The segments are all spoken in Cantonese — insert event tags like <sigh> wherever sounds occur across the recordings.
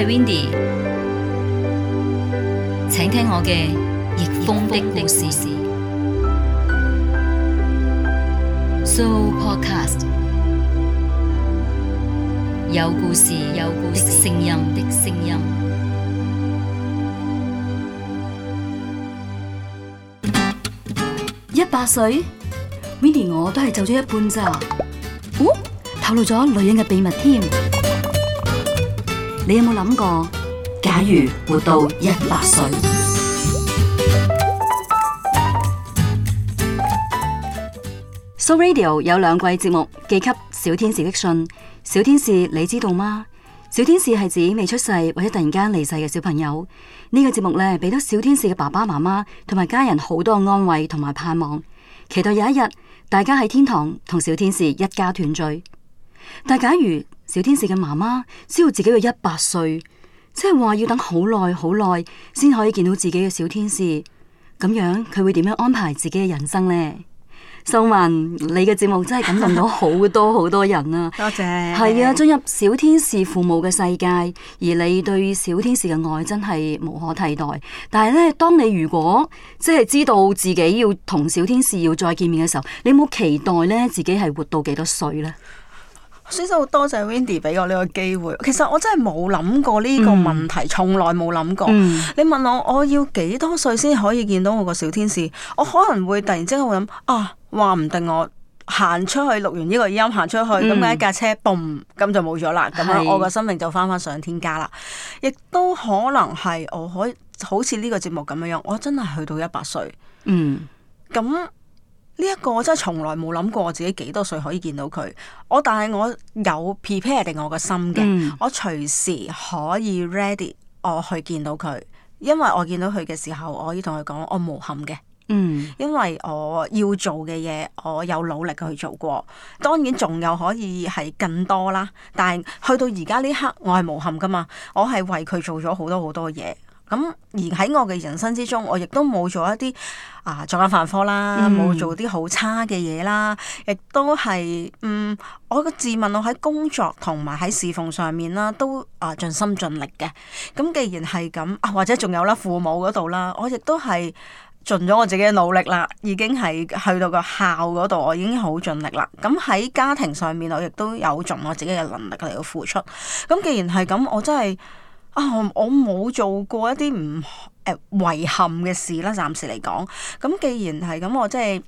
係 Windy，請聽我嘅逆風的故事。So podcast 有故事，有故事，有聲音的聲音。一百歲，Windy 我都係做咗一半咋？哦，透露咗女人嘅秘密添。你有冇諗過？假如活到一百歲？So Radio 有兩季節目，寄給小天使的信。小天使，你知道嗎？小天使係指未出世或者突然間離世嘅小朋友。這個、節呢個節目咧，俾到小天使嘅爸爸媽媽同埋家人好多安慰同埋盼望，期待有一日大家喺天堂同小天使一家團聚。但假如小天使嘅媽媽知道自己嘅一百歲，即係話要等好耐好耐先可以見到自己嘅小天使，咁樣佢會點樣安排自己嘅人生呢？秀文，你嘅節目真係感動到好多好多人啊！ <laughs> 多謝，係啊！進入小天使父母嘅世界，而你對小天使嘅愛真係無可替代。但係咧，當你如果即係知道自己要同小天使要再見面嘅時候，你有冇期待咧自己係活到幾多歲呢？所以就多謝 Wendy 俾我呢個機會。其實我真係冇諗過呢個問題，從、嗯、來冇諗過。嗯、你問我我要幾多歲先可以見到我個小天使？我可能會突然之間會諗，啊話唔定我行出去錄完呢個音，行出去咁、嗯、架車嘣咁就冇咗啦。咁我個生命就翻翻上天家啦。亦是都可能係我可以好似呢個節目咁樣樣，我真係去到一百歲。嗯，咁。呢一個我真係從來冇諗過我自己幾多歲可以見到佢，我但係我有 prepare 定我個心嘅，嗯、我隨時可以 ready 我去見到佢，因為我見到佢嘅時候，我可以同佢講我無憾嘅，嗯，因為我要做嘅嘢，我有努力去做過，當然仲有可以係更多啦，但係去到而家呢刻，我係無憾㗎嘛，我係為佢做咗好多好多嘢。咁而喺我嘅人生之中，我亦都冇做一啲啊作奸犯科啦，冇、嗯、做啲好差嘅嘢啦，亦都係嗯，我個自問我喺工作同埋喺侍奉上面啦，都啊盡心盡力嘅。咁既然係咁、啊，或者仲有啦，父母嗰度啦，我亦都係盡咗我自己嘅努力啦，已經係去到個孝嗰度，我已經好盡力啦。咁喺家庭上面，我亦都有盡我自己嘅能力嚟到付出。咁既然係咁，我真係。哦，我冇做過一啲唔呃遺憾嘅事啦，暫時嚟講。咁既然係咁，我即係。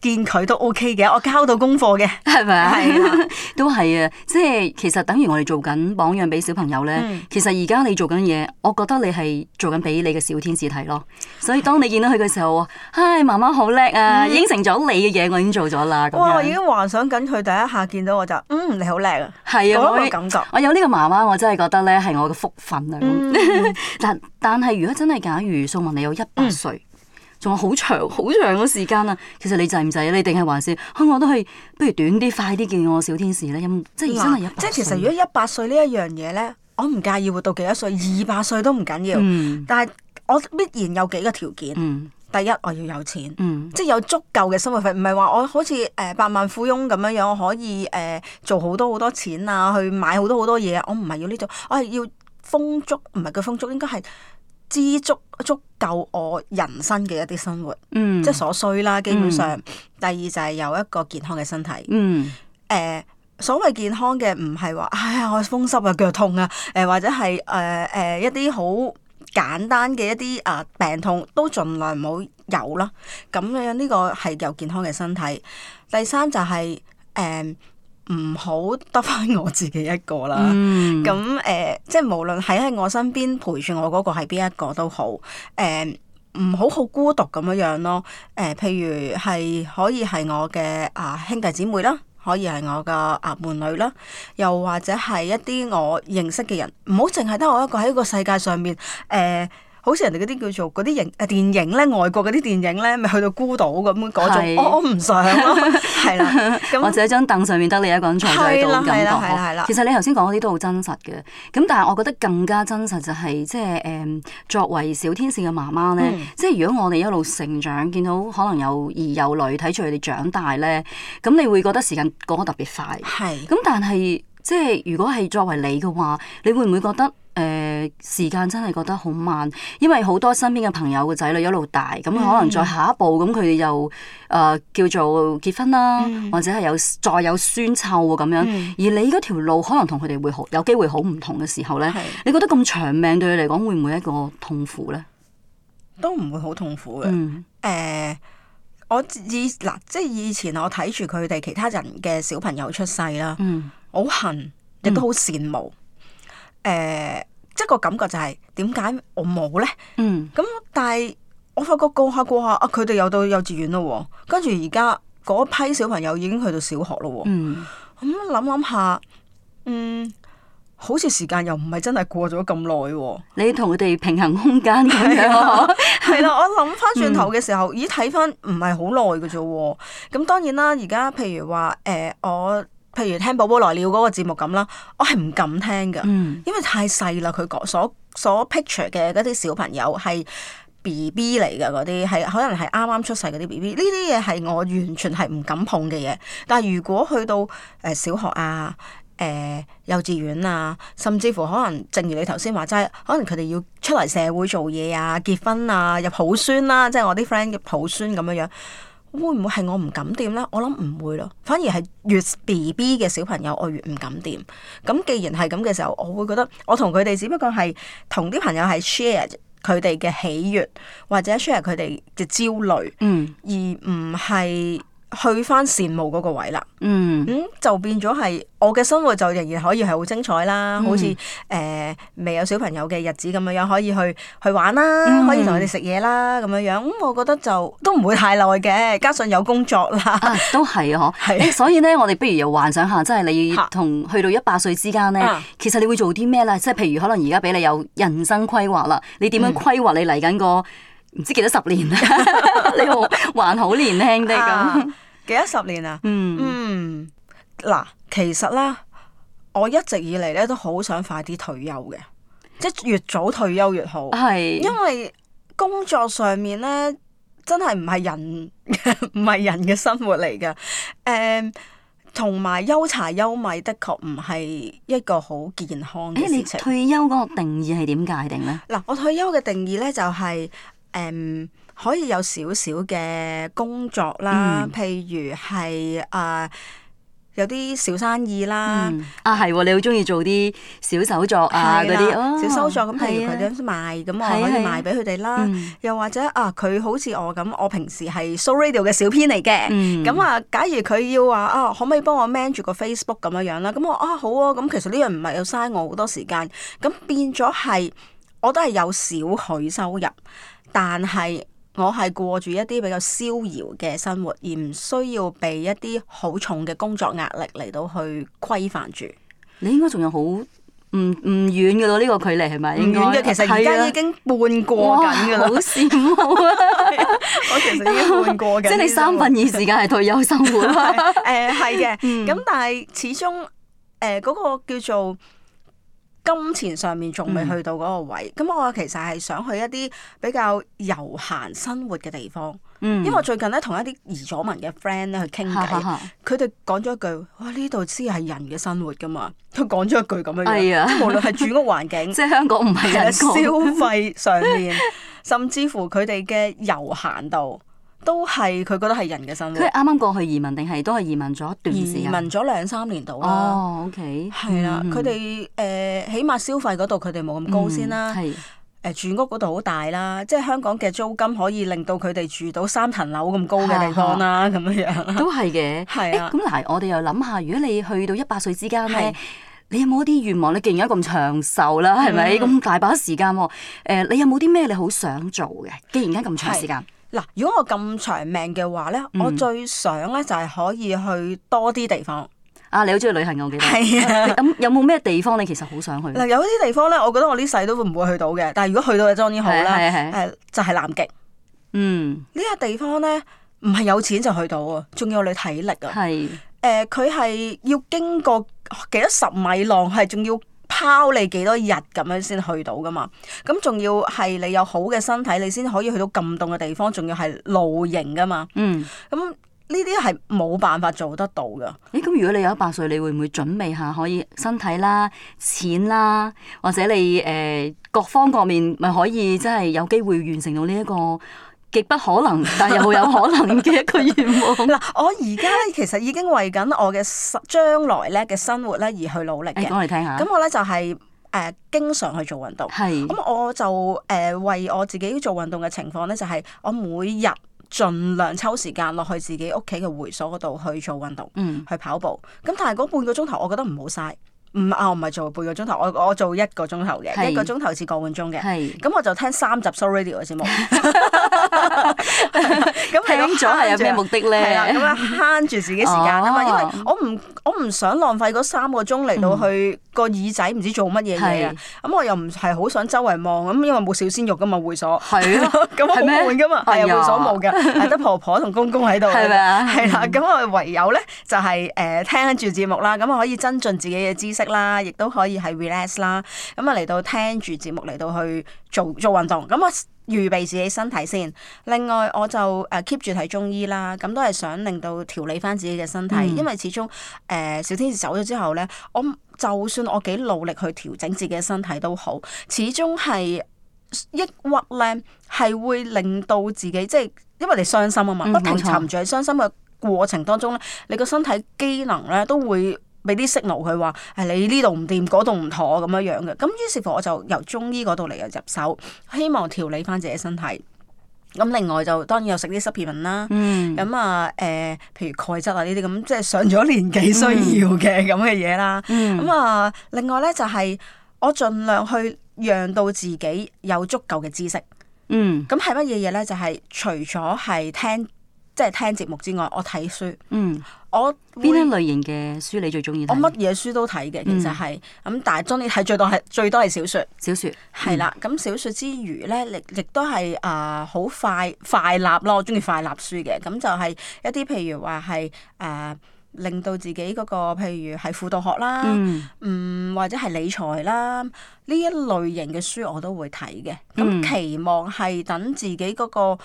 見佢都 OK 嘅，我交到功課嘅，係咪啊？係！都係啊，即係其實等於我哋做緊榜樣俾小朋友咧。其實而家你做緊嘢，我覺得你係做緊俾你嘅小天使睇咯。所以當你見到佢嘅時候，唉，媽媽好叻啊！應承咗你嘅嘢，我已經做咗啦。哇，我已經幻想緊佢第一下見到我就，嗯，你好叻啊！係啊，嗰個感覺，我有呢個媽媽，我真係覺得咧係我嘅福分啊！但但係如果真係假如宋文，你有一百歲。仲有好長好長嘅時間啊！其實你制唔制啊？你定係還是？哼，我都係不如短啲快啲見我小天使咧，有、嗯、即係真係、嗯、即係其實如果一百歲呢一樣嘢咧，我唔介意活到幾多歲，二百歲都唔緊要。嗯、但係我必然有幾個條件。嗯、第一，我要有錢。嗯、即係有足夠嘅生活費，唔係話我好似誒百萬富翁咁樣樣，我可以誒、呃、做好多好多錢啊，去買好多好多嘢。我唔係要呢種，我係要豐足，唔係叫豐足，應該係。知足足夠我人生嘅一啲生活，嗯、即係所需啦。基本上，嗯、第二就係有一個健康嘅身體。誒、嗯呃，所謂健康嘅唔係話，哎呀，我風濕啊，腳痛啊，誒、呃，或者係誒誒一啲好簡單嘅一啲啊、呃、病痛，都盡量唔好有啦。咁樣樣呢個係有健康嘅身體。第三就係、是、誒。呃唔好得翻我自己一個啦，咁誒、嗯呃，即係無論喺喺我身邊陪住我嗰個係邊一個都好，誒、呃，唔好好孤獨咁樣樣咯，誒、呃，譬如係可以係我嘅啊兄弟姊妹啦，可以係我嘅啊伴侶啦，又或者係一啲我認識嘅人，唔好淨係得我一個喺個世界上面，誒、呃。好似人哋嗰啲叫做嗰啲影啊電影咧，外國嗰啲電影咧，咪去到孤島咁嗰種我唔是、哦、想，咯 <laughs> ，係啦。或者張凳上面得你一個人坐喺度感覺，係啦，係啦其實你頭先講嗰啲都好真實嘅。咁但係我覺得更加真實就係、是、即係誒，作為小天使嘅媽媽咧，嗯、即係如果我哋一路成長，見到可能有兒有女睇住佢哋長大咧，咁你會覺得時間過得特別快。係的。咁但係即係如果係作為你嘅話，你會唔會覺得？時間真係覺得好慢，因為好多身邊嘅朋友嘅仔女一路大，咁可能再下一步，咁佢哋又誒叫做結婚啦，嗯、或者係有再有孫湊啊咁樣。嗯、而你嗰條路可能同佢哋會好有機會好唔同嘅時候呢，是你覺得咁長命對你嚟講會唔會一個痛苦呢？都唔會好痛苦嘅。誒、嗯欸，我以嗱，即係以前我睇住佢哋其他人嘅小朋友出世啦，嗯，好恨亦都好羨慕，誒、嗯。嗯即係個感覺就係點解我冇咧？嗯，咁、嗯、但係我發覺過下過下，啊佢哋又到幼稚園咯、哦，跟住而家嗰批小朋友已經去到小學咯、哦。嗯，咁諗諗下，嗯，好似時間又唔係真係過咗咁耐。你同佢哋平衡空間咁樣咯。係啦、啊 <laughs> 啊啊，我諗翻轉頭嘅時候，嗯、咦睇翻唔係好耐㗎啫。咁、哦、當然啦，而家譬如話誒、呃、我。譬如聽《寶寶來了》嗰、那個節目咁啦，我係唔敢聽嘅，因為太細啦。佢講所所 picture 嘅嗰啲小朋友係 B B 嚟嘅，嗰啲係可能係啱啱出世嗰啲 B B。呢啲嘢係我完全係唔敢碰嘅嘢。但係如果去到誒、呃、小學啊、誒、呃、幼稚園啊，甚至乎可能正如你頭先話齋，可能佢哋要出嚟社會做嘢啊、結婚啊、入抱孫啦、啊，即係我啲 friend 嘅抱孫咁樣樣。會唔會係我唔敢掂咧？我諗唔會咯，反而係越 B B 嘅小朋友，我越唔敢掂。咁既然係咁嘅時候，我會覺得我同佢哋只不過係同啲朋友係 share 佢哋嘅喜悅，或者 share 佢哋嘅焦慮，嗯，而唔係。去翻羨慕嗰個位啦、嗯，咁、嗯、就變咗係我嘅生活就仍然可以係好精彩啦，好似誒、嗯呃、未有小朋友嘅日子咁樣樣可以去去玩啦，嗯、可以同佢哋食嘢啦咁樣樣，咁我覺得就都唔會太耐嘅，加上有工作啦、啊，都係哦，係，是所以咧我哋不如又幻想下，即、就、係、是、你同去到一百歲之間咧，哈 其實你會做啲咩咧？即、就、係、是、譬如可能而家俾你有人生規劃啦，你點樣規劃你嚟緊個唔知幾多十年咧？ <laughs> 你還好年輕啲咁。 <laughs> <laughs> 幾啊十年啦，嗯，嗱、嗯，其實咧，我一直以嚟咧都好想快啲退休嘅，即係越早退休越好，係是，因為工作上面咧，真係唔係人唔係 <laughs> 人嘅生活嚟噶，誒、嗯，同埋憂柴憂米的確唔係一個好健康嘅事情、欸、你退休嗰個定義係點界定咧？嗱，我退休嘅定義咧就係、是。誒、um, 可以有少少嘅工作啦，譬如係啊，uh, 有啲小生意啦、嗯、啊，係喎，你好中意做啲小手作啊啲的、哦、小手作咁，譬如佢哋樣賣咁，的我可以賣俾佢哋啦。又或者啊，佢好似我咁，我平時係收 radio 嘅小編嚟嘅，咁、嗯、啊，假如佢要話啊，可唔可以幫我 manage 個 Facebook 咁樣樣啦？咁我啊好啊。咁其實呢樣唔係要嘥我好多時間，咁變咗係我都係有少許收入。但係我係過住一啲比較逍遙嘅生活，而唔需要被一啲好重嘅工作壓力嚟到去規範住。你應該仲有好唔唔遠嘅咯，呢、這個距離係咪？唔遠嘅，其實而家已經半過緊嘅啦。好羨慕啊！我其實已經半過嘅。即係 <laughs> 你三分二時間係退休生活。誒， <laughs> <laughs> 係、呃、嘅。咁、嗯、但係始終誒嗰個叫做。金錢上面仲未去到嗰個位，咁、嗯、我其實係想去一啲比較遊閒生活嘅地方，嗯、因為我最近咧同一啲移咗民嘅 friend 咧去傾偈，佢哋講咗一句：哇！呢度先係人嘅生活㗎嘛，佢講咗一句咁樣樣，哎、呀即無論係住屋環境，即係 <laughs> 香港唔係消費上面， <laughs> 甚至乎佢哋嘅遊閒度。都係佢覺得係人嘅生活。佢啱啱過去移民定係都係移民咗一段時間？移民咗兩三年度哦、oh，OK 的。係啦、嗯，佢哋誒起碼消費嗰度佢哋冇咁高先啦、嗯。係。誒、呃、住屋嗰度好大啦，即係香港嘅租金可以令到佢哋住到三層樓咁高嘅地方啦，咁樣樣。都係嘅。係啊。咁嗱，我哋又諗下，如果你去到一百歲之間咧，的你有冇一啲願望？你既然而家咁長壽啦，係咪咁大把時間？誒、呃，你有冇啲咩你好想做嘅？既然而家咁長時間。的嗱，如果我咁長命嘅話咧，嗯、我最想咧就係可以去多啲地方。啊，你好中意旅行嘅我記得。係啊，咁有冇咩地方你其實好想去？嗱， <laughs> 有啲地方咧，我覺得我呢世都會唔會去到嘅。但係如果去到呢是是是就當然好啦。係係係。誒，就係南極。嗯，呢個地方咧，唔係有錢就去到啊，仲要你體力啊。係是。誒、呃，佢係要經過幾多十米浪，係仲要。包你幾多日咁樣先去到噶嘛？咁仲要係你有好嘅身體，你先可以去到咁凍嘅地方，仲要係露營噶嘛？嗯，咁呢啲係冇辦法做得到噶。咦、嗯？咁、欸、如果你有一百歲，你會唔會準備下可以身體啦、錢啦，或者你誒、呃、各方各面咪可以真係有機會完成到呢、這、一個極不可能，但係又有可能嘅一個願望。嗱， <laughs> 我而家咧其實已經為緊我嘅將來咧嘅生活咧而去努力嘅、哎。講嚟聽下。咁我咧就係、是、誒、呃、經常去做運動。係是。咁我就誒、呃、為我自己做運動嘅情況咧，就係我每日盡量抽時間落去自己屋企嘅會所嗰度去做運動。嗯。去跑步。咁但係嗰半個鐘頭，我覺得唔好嘥。唔啊，我唔係做半個鐘頭，我我做一個鐘頭嘅，一個鐘頭至個半鐘嘅。咁我就聽三集收 radio 嘅節目。咁係咁做係有咩目的咧？係啦，咁啊慳住自己時間啊嘛，因為我唔我唔想浪費嗰三個鐘嚟到去個耳仔唔知做乜嘢嘢。咁我又唔係好想周圍望，咁因為冇小鮮肉噶嘛會所。係咯。咁好悶噶嘛？係啊，會所冇㗎，係得婆婆同公公喺度。係咪啊？係啦，咁我唯有咧就係誒聽住節目啦，咁我可以增進自己嘅知識。啦，亦都可以係 relax 啦。咁啊，嚟到聽住節目，嚟到去做做運動，咁啊，預備自己身體先。另外，我就誒 keep 住睇中醫啦。咁都係想令到調理返自己嘅身體。嗯、因為始終誒、呃、小天使走咗之後咧，我就算我幾努力去調整自己嘅身體都好，始終係抑鬱咧係會令到自己即係因為你傷心啊嘛，不、嗯、停沉醉喺傷心嘅過程當中咧，你個身體機能咧都會。俾啲色奴佢話，係你呢度唔掂，嗰度唔妥咁樣樣嘅。咁於是乎我就由中醫嗰度嚟入手，希望調理翻自己身體。咁另外就當然又食啲濕皮文啦。嗯。咁啊，誒、呃，譬如鈣質啊呢啲咁，即係上咗年紀需要嘅咁嘅嘢啦。嗯。咁啊，另外咧就係、是、我盡量去讓到自己有足夠嘅知識。嗯。咁係乜嘢嘢咧？就係、是嗯就是、除咗係聽。即係聽節目之外，我睇書。嗯，我邊會一類型嘅書你最中意睇？我乜嘢書都睇嘅，其實係咁，嗯、但係中意睇最多係最多係小說。小說係啦，咁的、嗯、小說之餘咧，亦亦都係啊，好、呃、快快立咯，我中意快立書嘅。咁就係一啲譬如話係誒，令到自己嗰、那個譬如係輔導學啦，嗯，嗯，或者係理財啦呢一類型嘅書我都會睇嘅。咁期望係等自己嗰、那個。嗯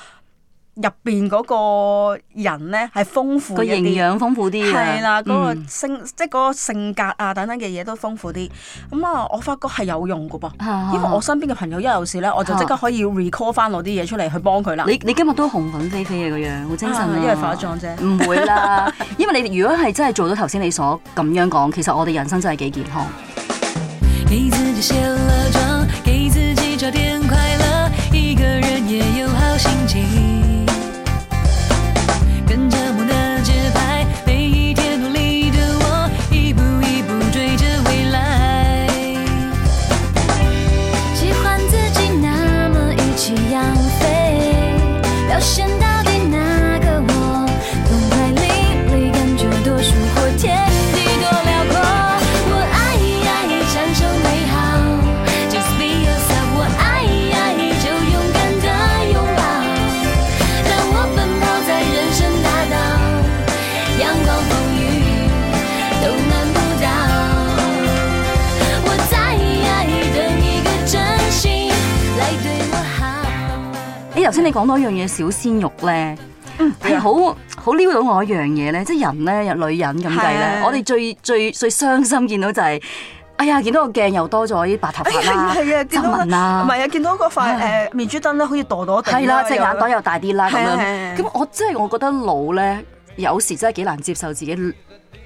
入邊嗰個人咧係豐富嘅，營養豐富啲，係啦，嗰、嗯、個性即係嗰個性格啊等等嘅嘢都豐富啲。咁啊，我發覺係有用㗎噃， <laughs> 因為我身邊嘅朋友一有事咧，我就即刻可以 recall 翻我啲嘢出嚟 <laughs> 去幫佢啦。你你今日都紅粉飛飛嘅個樣好精神啊，因為化妝啫。唔會啦，因為你如果係真係做到頭先你所咁樣講，其實我哋人生真係幾健康。 <music> 樣嘢小鮮肉咧，係好好撩到我一樣嘢咧，即係人咧，有女人咁計咧。是的 我哋最最最傷心見到就係、是，哎呀，見到個鏡又多咗啲白頭髮啦，咁啦、哎，唔係啊，見到嗰問塊誒的、呃、面珠燈咧，好似墮墮地，係啦，即係眼袋又大啲啦，咁的樣。咁的的我真係我覺得老咧，有時真係幾難接受自己。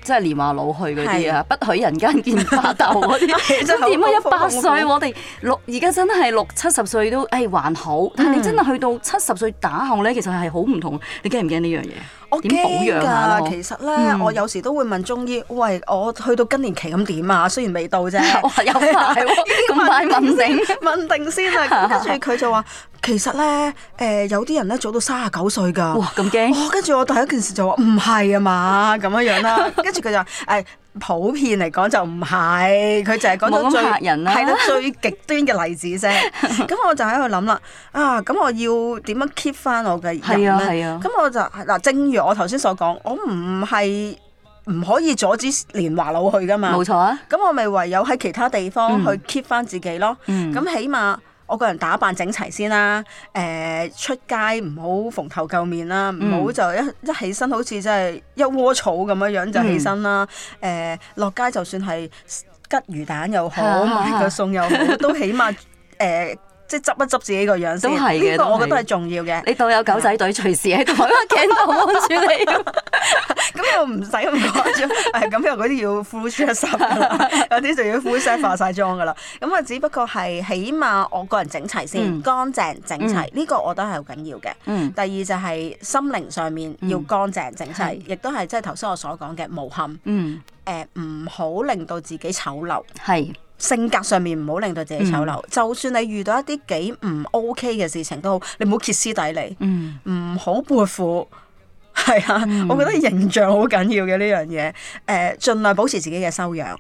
即係年華老去嗰啲啊，不許人間見白頭嗰啲。咁點啊？一百歲我哋六而家真係六七十歲都誒還好，但係你真係去到七十歲打後咧，其實係好唔同。你驚唔驚呢樣嘢？我驚㗎，其實咧，我有時都會問中醫，喂，我去到更年期咁點啊？雖然未到啫，哇，有排咁快問問定問定先啦。跟住佢就話，其實咧，誒有啲人咧早到三十九歲㗎。哇，咁驚！跟住我第一件事就話唔係啊嘛，咁樣樣啦。跟住佢就誒、哎、普遍嚟講就唔係，佢就係講到最嚇人、啊，係得最極端嘅例子啫。咁我就喺度諗啦，啊咁我要點樣 keep 翻我嘅人咧？咁、啊啊、我就嗱，正如我頭先所講，我唔係唔可以阻止年華老去噶嘛。冇錯啊！咁我咪唯有喺其他地方去 keep 翻自己咯。嗯，咁、嗯、起碼。我個人打扮整齊先啦，誒、呃、出街唔好蓬頭垢面啦，唔好、嗯、就一一起身好似真係一窩草咁樣樣就起身啦，誒落、嗯呃、街就算係吉魚蛋又好， <laughs> 買個餸又好，都起碼誒。 <laughs> 呃即係執一執自己個樣先，呢個我覺得係重要嘅。你當有狗仔隊隨時喺個鏡度望住你，咁又唔使咁講。係咁又嗰啲要呼出一 l f 啲就要呼 u 化晒妝噶啦。咁啊，只不過係起碼我個人整齊先，乾淨整齊，呢個我得係好緊要嘅。第二就係心靈上面要乾淨整齊，亦都係即係頭先我所講嘅無憾。嗯，唔好令到自己醜陋係。性格上面唔好令到自己醜陋，嗯、就算你遇到一啲幾唔 OK 嘅事情都好，你唔好歇斯底里，唔、嗯、好背負。係啊，嗯、我覺得形象好緊要嘅呢樣嘢。誒、呃，盡量保持自己嘅修養。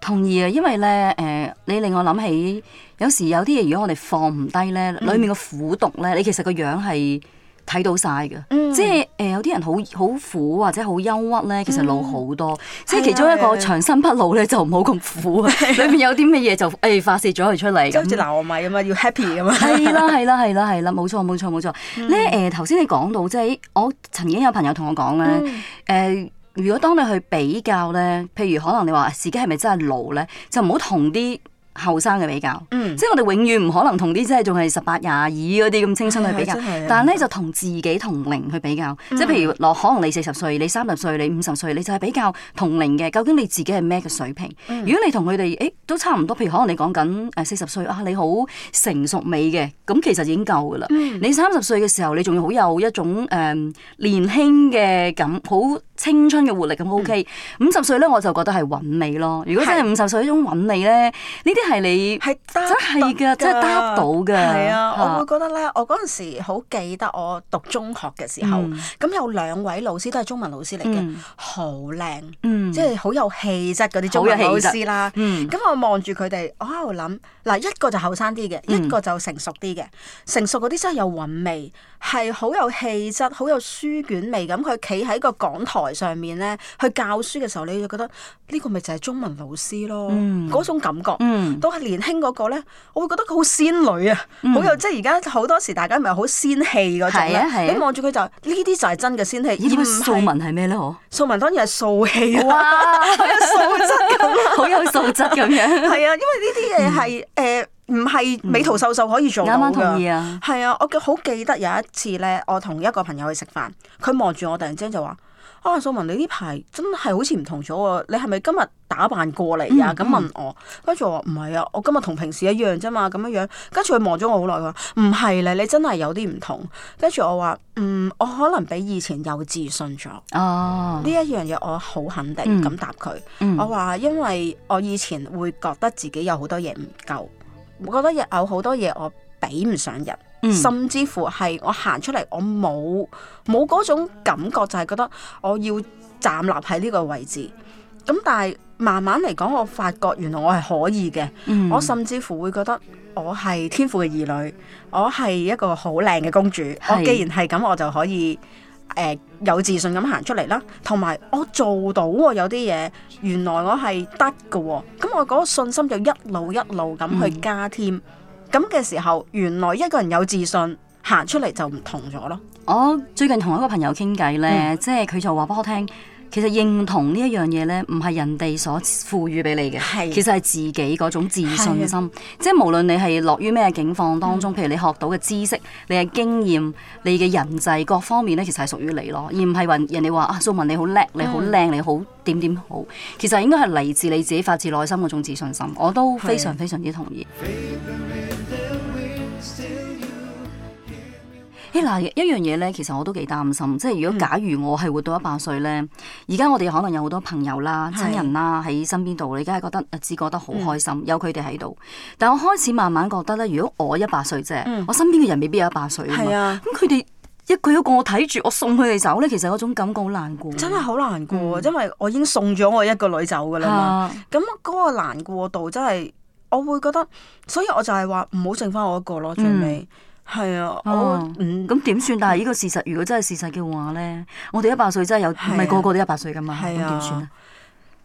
同意啊，因為咧，誒、呃，你令我諗起，有時有啲嘢，如果我哋放唔低咧，裡面嘅苦毒咧，你其實個樣係。睇到晒嘅，嗯、即係誒、呃、有啲人好好苦或者好憂鬱咧，其實老好多，嗯、即係其中一個長生不老咧、嗯、就唔好咁苦啊。裏 <laughs> 面有啲乜嘢就誒、哎、發泄咗佢出嚟，即好似鬧我咪咁啊，要 happy 咁啊。係啦係啦係啦係啦，冇錯冇錯冇錯。咧誒頭先你講到即係我曾經有朋友同我講咧誒，如果當你去比較咧，譬如可能你話自己係咪真係老咧，就唔好同啲。後生嘅比較，嗯、即係我哋永遠唔可能同啲即係仲係十八廿二嗰啲咁青春去比較，哎、但係咧就同自己同齡去比較，嗯、即係譬如可能你四十歲，你三十歲，你五十歲，你就係比較同齡嘅，究竟你自己係咩嘅水平？嗯、如果你同佢哋誒都差唔多，譬如可能你講緊誒四十歲啊，你好成熟美嘅，咁其實已經夠㗎啦。嗯、你三十歲嘅時候，你仲要好有一種誒、嗯、年輕嘅感，好。青春嘅活力咁 OK，五十歲咧我就覺得係韻味咯。如果真係五十歲呢種韻味咧，呢啲係你真係嘅，真係得到嘅。係啊，我會覺得咧，我嗰陣時好記得我讀中學嘅時候，咁有兩位老師都係中文老師嚟嘅，好靚，即係好有氣質嗰啲中文老師啦。嗯，咁我望住佢哋，我喺度諗，嗱，一個就後生啲嘅，一個就成熟啲嘅，成熟嗰啲真係有韻味。係好有氣質，好有書卷味咁。佢企喺個講台上面咧，去教書嘅時候，你就覺得呢、這個咪就係中文老師咯。嗰、嗯、種感覺，都係年輕嗰個咧，我會覺得佢好仙女啊，好、嗯、有即係而家好多時大家咪好仙氣嗰種咧。啊啊、你望住佢就呢啲就係真嘅仙氣。而素文係咩咧？嗬？素文當然係素氣啊，哇 <laughs> 素質咁 <laughs> 好有素質咁樣。係 <laughs> <laughs> 啊，因為呢啲嘢係誒。嗯唔係美圖秀秀可以做到噶，係啊，啊，我好記得有一次咧，我同一個朋友去食飯，佢望住我突然之間就話：啊，素文，你呢排真係好似唔同咗啊！你係咪今日打扮過嚟啊？咁問我，跟住、嗯、我話唔係啊，我今日同平時一樣啫嘛，咁樣樣。跟住佢望咗我好耐，話唔係啦，你真係有啲唔同。跟住我話，嗯，我可能比以前有自信咗。哦，呢一樣嘢我好肯定咁答佢。嗯嗯、我話因為我以前會覺得自己有好多嘢唔夠。我覺得有好多嘢我比唔上人，嗯、甚至乎係我行出嚟我冇冇嗰種感覺，就係覺得我要站立喺呢個位置。咁但係慢慢嚟講，我發覺原來我係可以嘅。嗯、我甚至乎會覺得我係天父嘅兒女，我係一個好靚嘅公主。是我既然係咁，我就可以。誒、呃、有自信咁行出嚟啦，同埋我做到喎，有啲嘢原來我係得㗎，咁我嗰個信心就一路一路咁去加添，咁嘅、嗯、時候原來一個人有自信行出嚟就唔同咗咯。我、哦、最近同一個朋友傾偈咧，嗯、即係佢就話俾我聽。其實認同呢一樣嘢呢，唔係人哋所賦予俾你嘅，的其實係自己嗰種自信心。的即係無論你係落於咩境況當中，嗯、譬如你學到嘅知識、你嘅經驗、你嘅人際各方面呢，其實係屬於你咯，而唔係話人哋話啊，蘇文你好叻，你好靚，嗯、你好點點好。其實應該係嚟自你自己發自內心嗰種自信心。我都非常非常之同意。的 <music> 一樣嘢咧，其實我都幾擔心。即係如果假如我係活到一百歲咧，而家、嗯、我哋可能有好多朋友啦、是親人啦喺身邊度，你梗係覺得日子過得好開心，嗯、有佢哋喺度。但我開始慢慢覺得咧，如果我一百歲啫，嗯、我身邊嘅人未必有一百歲啊。咁佢哋一個一個我睇住，我送佢哋走咧，其實嗰種感覺好難，難過。真係好難過，因為我已經送咗我一個女走㗎喇嘛。咁嗰、啊、個難過度真係，我會覺得，所以我就係話唔好剩返我一個咯，最尾後。嗯係啊，哦、我咁點算？但係呢個事實，如果真係事實嘅話咧，我哋一百歲真係有，唔係、啊、個個都一百歲噶嘛？咁點算咧？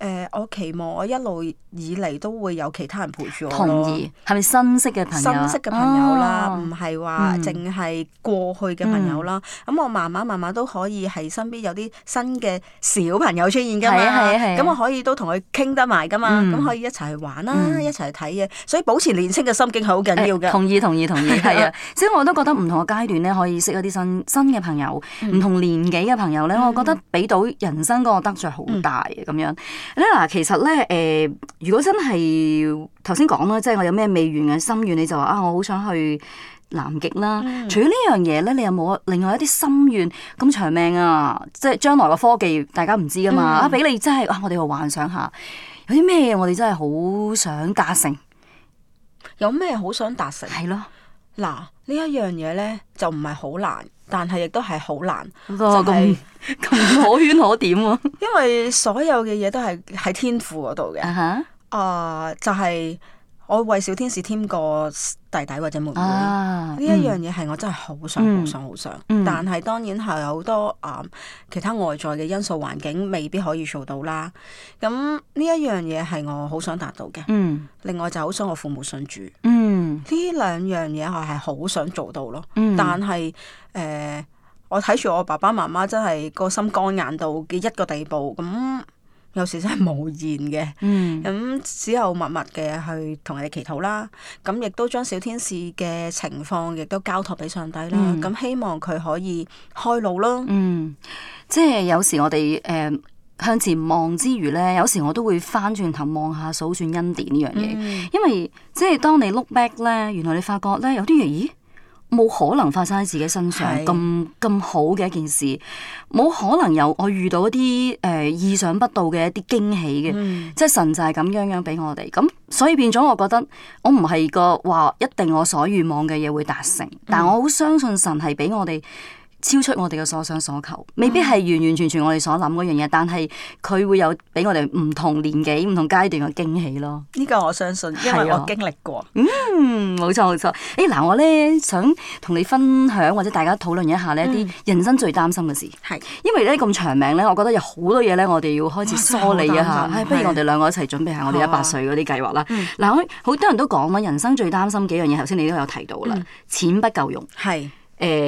誒，我期望我一路以嚟都會有其他人陪住我咯。同意，係咪新識嘅朋友？新識嘅朋友啦，唔係話淨係過去嘅朋友啦。咁我慢慢慢慢都可以係身邊有啲新嘅小朋友出現㗎嘛，係啊係啊。咁我可以都同佢傾得埋㗎嘛，咁可以一齊去玩啦，一齊去睇嘢。所以保持年輕嘅心境係好緊要㗎。同意同意同意，係啊。所以我都覺得唔同嘅階段咧，可以識一啲新新嘅朋友，唔同年紀嘅朋友咧，我覺得俾到人生嗰個得著好大嘅咁樣。咧嗱，其實咧，誒，如果真係頭先講啦，即係我有咩未完嘅心願，你就話啊，我好想去南極啦。嗯、除咗呢樣嘢咧，你有冇另外一啲心願？咁長命啊，即係將來個科技大家唔知噶嘛、嗯。啊，俾你真係啊，我哋去幻想下有啲咩，我哋真係好想達成，有咩好想達成？係咯。嗱，呢一樣嘢咧就唔係好難。但係亦都係好難，哦、就係、是、咁可圈可點喎、啊。 <laughs> 因為所有嘅嘢都係喺天賦嗰度嘅，啊、uh huh. 呃、就係、是。我為小天使添個弟弟或者妹妹，呢一、啊嗯、樣嘢係我真係好想、好、嗯、想、好想。嗯、但係當然係好多啊、嗯、其他外在嘅因素、環境未必可以做到啦。咁呢一樣嘢係我好想達到嘅。嗯、另外就好想我父母信主。嗯，呢兩樣嘢我係好想做到咯。嗯、但係誒、呃，我睇住我爸爸媽媽真係個心肝硬到嘅一個地步咁。有時真係無言嘅，咁只有默默嘅去同人哋祈禱啦。咁亦都將小天使嘅情況，亦都交託俾上帝啦。咁、嗯、希望佢可以開路咯。嗯，即係有時我哋誒、呃、向前望之餘咧，有時我都會翻轉頭望下數算恩典呢樣嘢，嗯、因為即係當你 look back 咧，原來你發覺咧有啲嘢，咦？冇可能發生喺自己身上咁咁是的 好嘅一件事，冇可能有我遇到一啲誒、呃、意想不到嘅一啲驚喜嘅，嗯、即係神就係咁樣樣俾我哋，咁所以變咗我覺得我唔係個話一定我所願望嘅嘢會達成，但我好相信神係俾我哋。超出我哋嘅所想所求，未必係完完全全我哋所諗嗰樣嘢，但係佢會有俾我哋唔同年紀、唔同階段嘅驚喜咯。呢個我相信，因為我經歷過、啊。嗯，冇錯冇錯。誒，嗱、哎，我咧想同你分享或者大家討論一下咧啲人生最擔心嘅事。係、嗯，因為咧咁長命咧，我覺得有好多嘢咧，我哋要開始梳理一下。哎、不如我哋兩個一齊準備下我哋一百歲嗰啲計劃啦。嗱，好多人都講啦，人生最擔心幾樣嘢，頭先你都有提到啦。嗯、錢不夠用。係是。誒、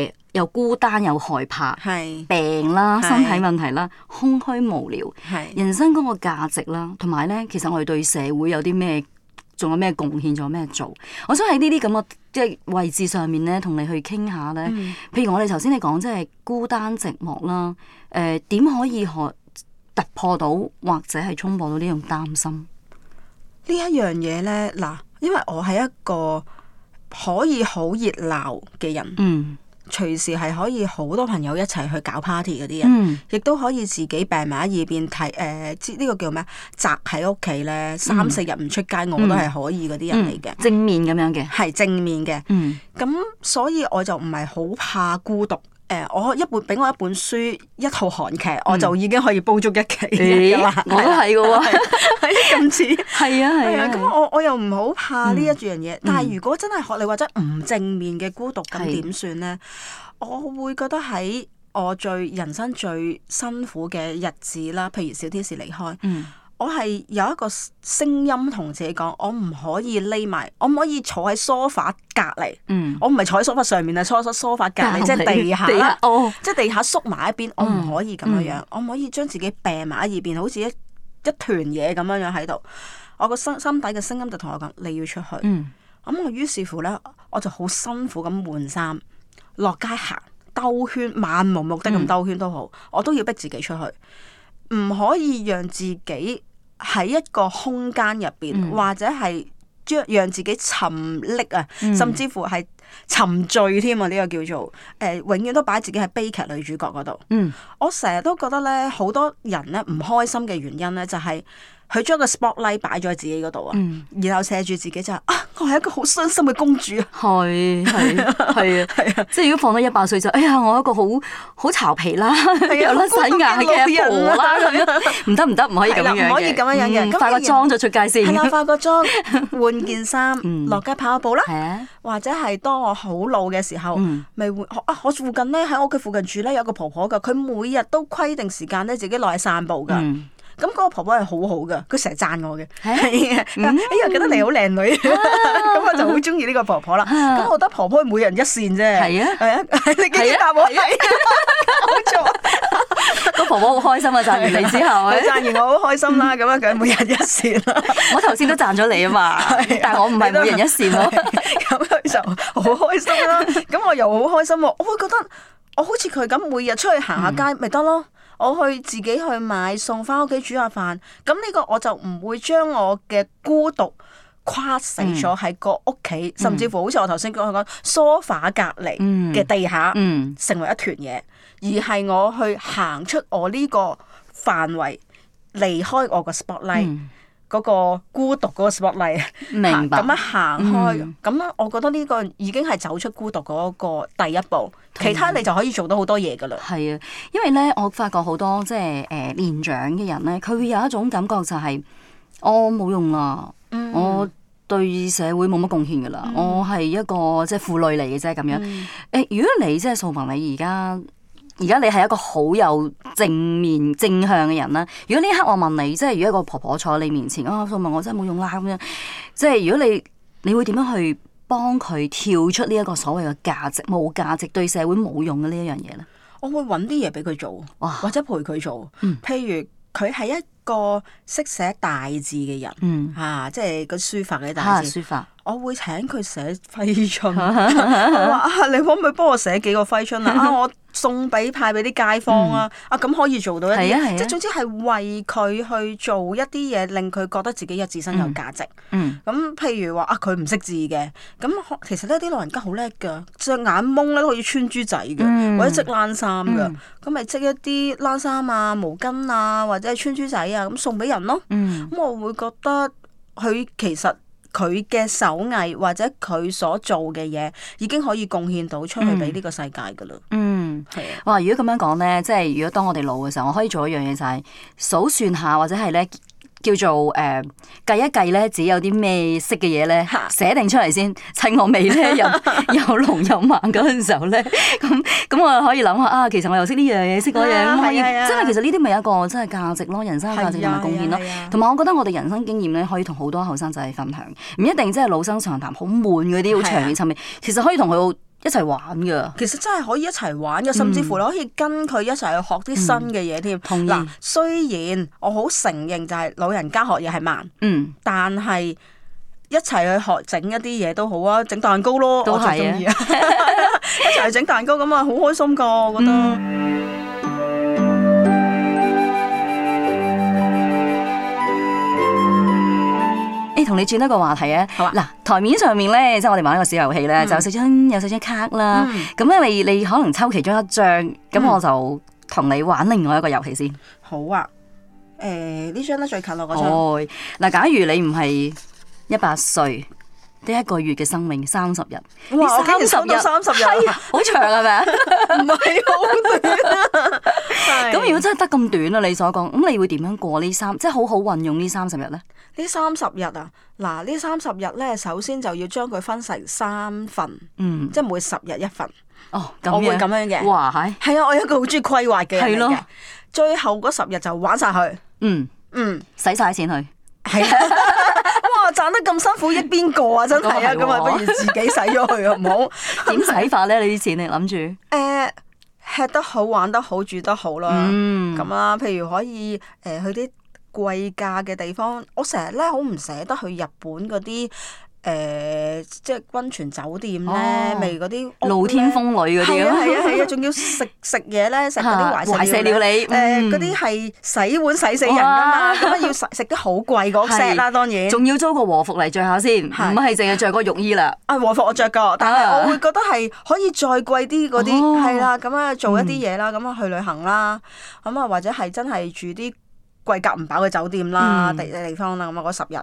呃。又孤單又害怕，是病啦，身體問題啦，是空虛無聊，是人生嗰個價值啦，同埋呢，其實我哋對社會有啲咩，仲有咩貢獻，仲有咩做？我想喺呢啲咁嘅即係位置上面呢，同你去傾下呢。嗯、譬如我哋頭先你講，即係孤單寂寞啦，誒、呃，點可以學突破到或者係衝破到呢種擔心？呢一樣嘢呢，嗱，因為我係一個可以好熱鬧嘅人，嗯。隨時係可以好多朋友一齊去搞 party 嗰啲人，亦都、嗯、可以自己病埋喺耳邊睇，誒，呢、呃這個叫咩？宅喺屋企咧，三四日唔出街、嗯、我都係可以嗰啲人嚟嘅、嗯，正面咁樣嘅，係正面嘅。咁、嗯、所以我就唔係好怕孤獨。誒、欸，我一本俾我一本書一套韓劇，嗯、我就已經可以煲足一期。啦。我都係噶喎，係咁似。係啊係啊，咁我我又唔好怕呢一嘢樣嘢。但係如果真係學你或者唔正面嘅孤獨，咁點算咧？呢啊、我會覺得喺我最人生最辛苦嘅日子啦，譬如小天使離開。嗯我係有一個聲音同自己講，我唔可以匿埋，我唔可以坐喺梳化隔籬。嗯，我唔係坐喺梳化上面啊，坐喺個梳化隔籬，即係地下，哦，即係地下縮埋一邊。我唔可以咁樣樣，我唔可以將自己匿埋喺入邊，好似一一團嘢咁樣樣喺度。我個心心底嘅聲音就同我講，你要出去。嗯，咁我於是乎咧，我就好辛苦咁換衫，落街行，兜圈，漫無目的咁兜圈都好，好，我都要逼自己出去，唔可以讓自己。喺一個空間入邊，嗯、或者係將讓自己沉溺啊，嗯、甚至乎係沉醉添啊！呢、呢個叫做誒、呃，永遠都擺自己係悲劇女主角嗰度。嗯，我成日都覺得咧，好多人咧唔開心嘅原因咧，就係、係。佢將個 spotlight 擺咗喺自己嗰度啊，然後寫住自己就話啊，我係一個好傷心嘅公主啊，係係係啊，係啊，即係如果放到一百歲就，哎呀，我一個好好巢皮啦，又甩緊牙嘅婆啦，唔得唔得，唔可以咁樣唔可以咁樣嘅，化個妝就出街先，係啊，化個妝換件衫落街跑下步啦，或者係當我好老嘅時候，咪換啊，我附近咧喺我屋企附近住咧有個婆婆嘅，佢每日都規定時間咧自己落去散步㗎。咁嗰個婆婆係好好噶，佢成日讚我嘅，係啊，哎呀，覺得你好靚女，咁我就好中意呢個婆婆啦。咁我覺得婆婆每人一善啫，係啊，係啊，你幾多答我係？冇錯，個婆婆好開心啊！讚完你之後，佢讚完我好開心啦，咁樣佢每人一善啦。我頭先都讚咗你啊嘛，但係我唔係每人一善喎，咁佢就好開心啦。咁我又好開心喎，我會覺得我好似佢咁每日出去行下街，咪得咯。我去自己去買餸，返屋企煮下飯。咁呢個我就唔會將我嘅孤獨跨死咗喺個屋企，嗯、甚至乎好似我頭先講，佢講梳化隔離嘅地下，成為一團嘢，而係我去行出我呢個範圍，離開我個 spotlight、嗯。嗯嗯嗰個孤獨嗰個 spotlight，明白、咁樣行開，咁咧、嗯、我覺得呢個已經係走出孤獨嗰個第一步，其他你就可以做到好多嘢噶啦。係啊，因為咧我發覺好多即係誒、呃、年長嘅人咧，佢會有一種感覺就係我冇用啦，嗯、我對社會冇乜貢獻噶啦，嗯、我係一個即係婦女嚟嘅啫咁樣。誒、嗯，如果你即係素文，你而家。而家你係一個好有正面正向嘅人啦。如果呢一刻我問你，即係如果一個婆婆坐喺你面前，啊、哦，我想問我真係冇用啦咁樣，即係如果你你會點樣去幫佢跳出呢一個所謂嘅價值冇價值對社會冇用嘅呢一樣嘢？咧？我會揾啲嘢俾佢做，或者陪佢做。啊嗯、譬如佢係一。個識寫大字嘅人，嗯嚇，即係個書法嘅大字，書法，我會請佢寫揮春。我話啊，你可唔可以幫我寫幾個揮春啊？啊，我送俾派俾啲街坊啊！啊，咁可以做到一啲，即係總之係為佢去做一啲嘢，令佢覺得自己有自身有價值。嗯，咁譬如話啊，佢唔識字嘅，咁其實呢啲老人家好叻㗎，隻眼矇咧都可以穿珠仔嘅，或者織冷衫㗎，咁咪織一啲冷衫啊、毛巾啊，或者係穿珠仔。啊咁送俾人咯，咁、嗯、我會覺得佢其實佢嘅手藝或者佢所做嘅嘢，已經可以貢獻到出去俾呢個世界噶啦、嗯。嗯，係啊是。哇，如果咁樣講咧，即係如果當我哋老嘅時候，我可以做一樣嘢就係數算下，或者係咧。叫做誒、uh，計一計咧，自己有啲咩識嘅嘢咧，哈寫定出嚟先。趁我未咧 <laughs> 又又濃又猛嗰陣時候咧，咁咁我可以諗下啊，其實我又識呢樣嘢，識嗰樣，可以真係其實呢啲咪一個真係價值咯，人生價值同埋貢獻咯。同埋、啊啊、我覺得我哋人生經驗咧，可以同好多後生仔分享，唔一定真係老生常談好悶嗰啲好長篇長面，啊、其實可以同佢。一齊玩嘅，其實真係可以一齊玩嘅，嗯、甚至乎你可以跟佢一齊去學啲新嘅嘢添。嗱、嗯，雖然我好承認就係老人家學嘢係慢，嗯，但係一齊去學整一啲嘢都好啊，整蛋糕咯，都我最中意啊， <laughs> <laughs> 一齊去整蛋糕咁啊，好開心噶，我覺得。嗯同你轉一個話題啊！好啊，嗱，台面上面咧，即係我哋玩一個小遊戲咧，嗯、就四張有四張 card 啦。咁咧、嗯，你你可能抽其中一張，咁、嗯、我就同你玩另外一個遊戲先。好啊，誒、呃，呢張咧最近咯，嗰張。嗱、呃，假如你唔係一百歲。得一個月嘅生命三十日，哇！三十日，三十日，好長啊，咩？唔係好短。咁如果真係得咁短啊，你所講，咁你會點樣過呢三？即係好好運用呢三十日咧？呢三十日啊，嗱，呢三十日咧，首先就要將佢分成三份，嗯，即係每十日一份。哦，我會咁樣嘅。哇，係。係啊，我有一個好中意規劃嘅人嘅。最後嗰十日就玩晒佢。嗯嗯，使晒錢去。係啊。玩得咁辛苦益邊個啊？真係啊，咁 <laughs> 啊，不如自己使咗佢啊，唔好點使法咧？你啲錢你諗住？誒、 <laughs> 呃，食得好，玩得好，住得好啦。嗯，咁啊，譬如可以誒、呃、去啲貴價嘅地方。我成日咧好唔捨得去日本嗰啲，誒，即係溫泉酒店咧，咪嗰啲露天風呂嗰啲咯，係啊係啊，仲要食食嘢咧，食嗰啲懷石料理，誒嗰啲係洗碗洗死人啊嘛，咁啊要食食啲好貴嗰 set 啦，當然，仲要租個和服嚟着下先，唔係淨係着個浴衣啦。啊，和服我着過，但係我會覺得係可以再貴啲嗰啲，係啦，咁啊做一啲嘢啦，咁啊去旅行啦，咁啊或者係真係住啲貴格唔飽嘅酒店啦，地地方啦，咁啊嗰十日，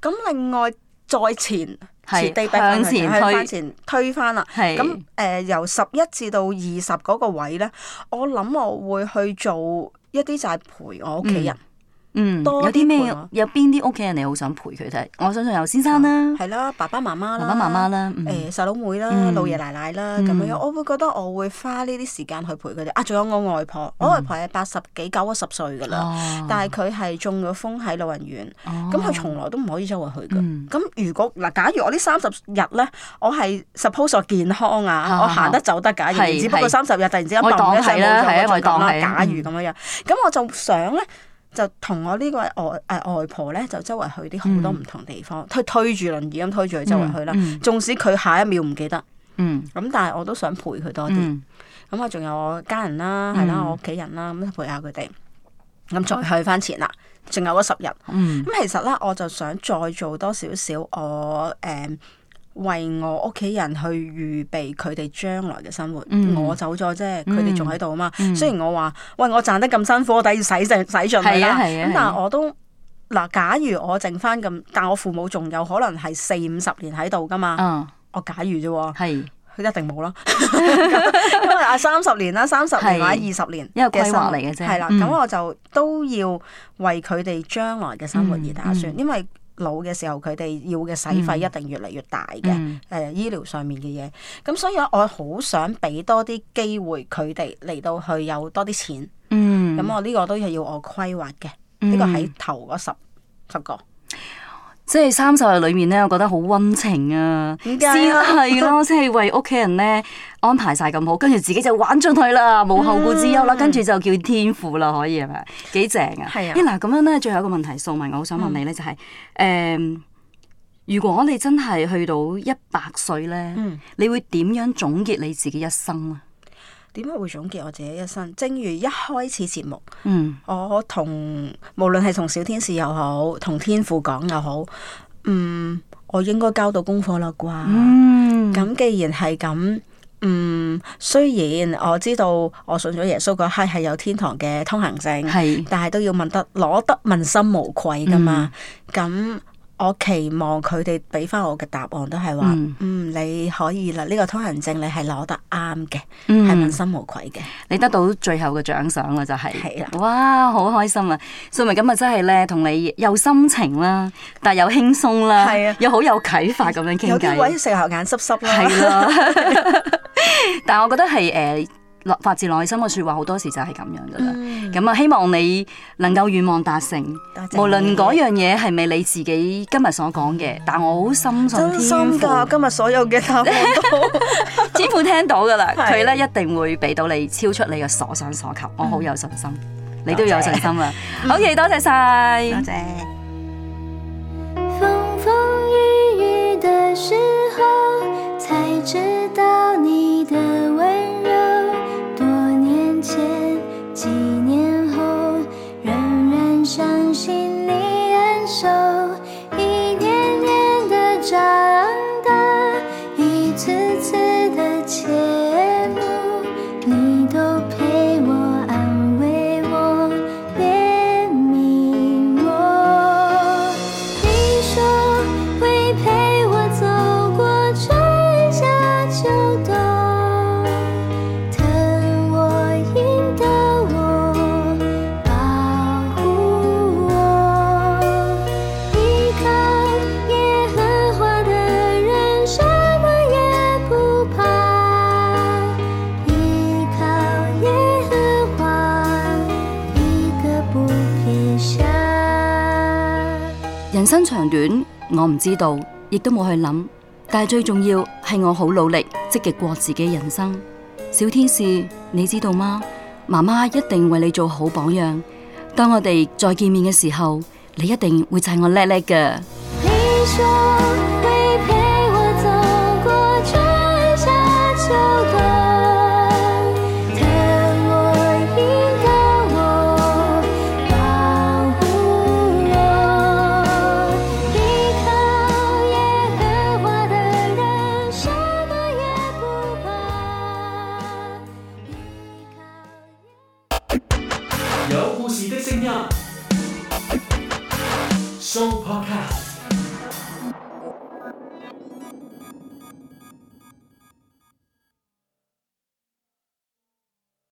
咁另外。再前，是前第八份，向前推翻啦。咁誒是、呃，由十一至到二十嗰個位咧，我諗我會去做一啲就係陪我屋企人。嗯嗯，有啲咩有邊啲屋企人你好想陪佢睇？我相信由先生啦，係啦，爸爸媽媽，爸爸媽媽啦，誒，細佬妹啦，老爺奶奶啦，咁樣，我會覺得我會花呢啲時間去陪佢哋。啊，仲有我外婆，我外婆係八十幾，九十歲噶啦，但係佢係中咗風喺老人院。咁佢從來都唔可以周圍去噶。咁如果嗱，假如我呢三十日咧，我係 suppose 我健康啊，我行得走得噶，然之不過三十日突然之間，我當係啦，係我當係，假如咁樣，咁我就想咧。就同我呢個外，誒，外婆咧，就周圍去啲好多唔同地方，嗯、推推住輪椅咁推住佢周圍去啦。縱、嗯、使佢下一秒唔記得，咁、嗯嗯、但係我都想陪佢多啲。咁啊、嗯，仲、嗯、有我家人啦，係啦、嗯啊，我屋企人啦，咁陪下佢哋。咁、嗯、再去翻前啦，仲有嗰十日。咁、嗯嗯、其實咧，我就想再做多少少我誒。嗯為我屋企人去預備佢哋將來嘅生活，我走咗啫，佢哋仲喺度啊嘛。雖然我話喂，我賺得咁辛苦，我都要使盡使盡佢啦。咁但係我都嗱，假如我剩翻，咁，但我父母仲有可能係四五十年喺度噶嘛。我假如啫喎，係佢一定冇啦。因為啊，三十年啦，三十年或者二十年，因為規劃嚟嘅啫。係啦，咁我就都要為佢哋將來嘅生活而打算，因為。老嘅時候，佢哋要嘅使費一定越嚟越大嘅，誒、嗯呃、醫療上面嘅嘢。咁所以我好想俾多啲機會佢哋嚟到去有多啲錢。咁、嗯、我呢個都係要我規劃嘅，呢、呢個喺頭嗰十、嗯、十個。即係三十日裏面咧，我覺得好溫情啊！係咯、嗯， <laughs> 即係為屋企人咧安排晒咁好，跟住自己就玩進去啦，無後顧之憂啦，嗯、跟住就叫天賦啦，可以係咪？幾正啊！係啊！嗱、欸，咁樣咧，最後一個問題，蘇文，我好想問你咧、就是，就係誒，如果你真係去到一百歲咧，嗯、你會點樣總結你自己一生啊？點解會總結我自己一生？正如一開始節目，嗯、我同無論係同小天使又好，同天父講又好，嗯，我應該交到功課啦啩？咁、嗯、既然係咁，嗯，雖然我知道我信咗耶穌嗰刻係有天堂嘅通行證，係是，但係都要問得攞得問心無愧噶嘛？咁、嗯。嗯我期望佢哋俾翻我嘅答案都係話，嗯，嗯你可以啦，呢個通行證你係攞得啱嘅，係問心無愧嘅，你得到最後嘅獎賞啦就係、係啦，的哇好開心啊！所明今日真係咧，同你有心情啦，但係又輕鬆啦，的又好有啟發咁樣傾偈，有啲食下眼濕濕啦，係咯的， <laughs> <laughs> 但係我覺得係誒。呃發自內心嘅說話好多時就係咁樣噶啦，咁啊、嗯、希望你能夠願望達成，無論嗰樣嘢係咪你自己今日所講嘅，但我好相信天父真心天父 <laughs> 今日所有嘅答覆，天 <laughs> 父 <laughs> 聽到噶啦，佢咧的一定會俾到你超出你嘅所想所求，嗯、我好有信心，謝你都有信心啊謝，OK 多謝晒，風風雨雨嘅時候，才知道多謝。 <music> 幾年後，仍然相信你恩手一點點的長。人生長短我唔知道，亦都冇去諗，但係最重要係我好努力，積極過自己人生。小天使，你知道嗎？媽媽一定為你做好榜樣。當我哋再見面嘅時候，你一定會讚我叻叻嘅。